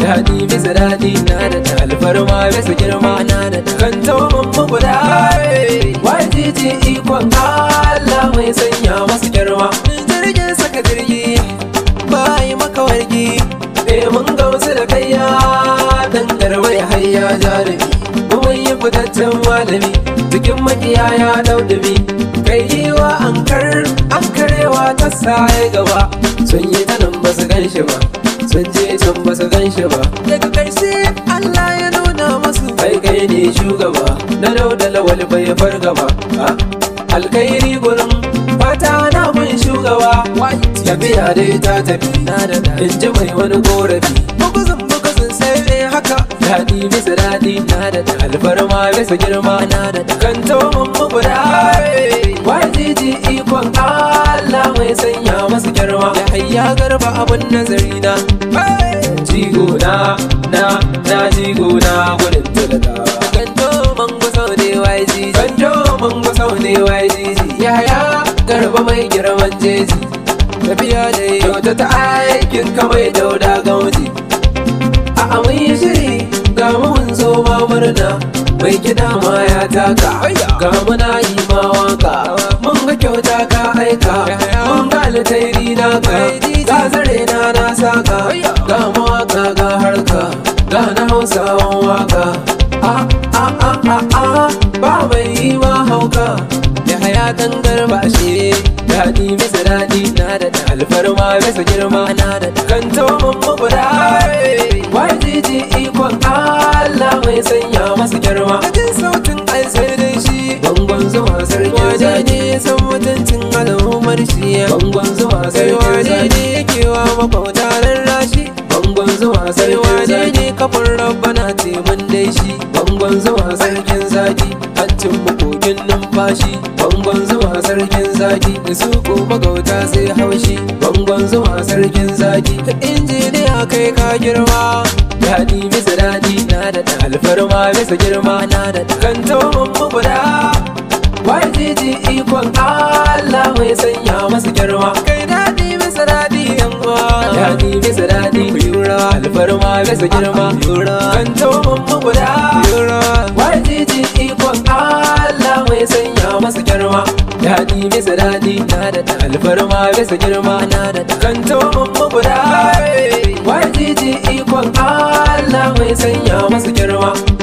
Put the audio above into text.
daɗi bisa daɗi na da ta alfarma bisa girma na da ta kan tauban maguda wajiji ikon Allah mai sanya masu girma jirgin saka jirgi bayi maka wargi eh, mun gausu da kayya dan garwai hayya jari gaskiya ya daudumi kai yi an kar an karewa ta sai gaba sun yi ta nan ba su gan shi ba sun je can ba su gan shi ba daga karshe Allah ya nuna masu kai kai ne shugaba na dauda lawal bai farga ba alkairi gurin fata na mun shugaba tafiya dai ta tafi in ji mai wani korafi haka daɗi bisa daɗi na da ta. alfarma bisa girma na da kanto mun mubulare wajiji ikon Allah mai sanya masu girma ya hayya garba abun nazari na jigo na na na jigo na gudun tulata kanto mun gusau ne wajiji kanto mun gusau ne wajiji yaya garba mai girman jeji tafiya da yau ta aikin kawai dauda ga murna mai gida ma ya taka ga muna yi ma waka mun ga kyauta ka aika mun ga alkhairi na ka ga zare na na saka ga mawaka ga harka ga na hausawan waka a a a a a ba mai yi ma hauka ya haya dangar garba shi daɗi bisa daɗi na da alfarma bisa girma na da zuma sarkin zaki san mutuncin al'ummar shi bangon zuma sarkin zaki kewa mafauta rashi bangon zuma sarkin zaki kafin rabbana ce mun dai shi bangon zuma sarkin zaki hancin makokin numfashi bangon zuma sarkin zaki da suko magauta sai haushi bangon zuma sarkin zaki Ka injiniya kai ka girma daɗi bisa daɗi na da alfarma bisa girma na da kan tawon ikon Allah mai sanya masu girma kai daɗi bisa daɗi yamma daɗi bisa daɗi yura alfarma bisa girma yura kan tomin maguda yura wajiji ikon Allah mai sanya masu girma daɗi bisa daɗi na da ta. alfarma bisa girma na da ta. kan tomin maguda wajiji ikon Allah mai sanya masu girma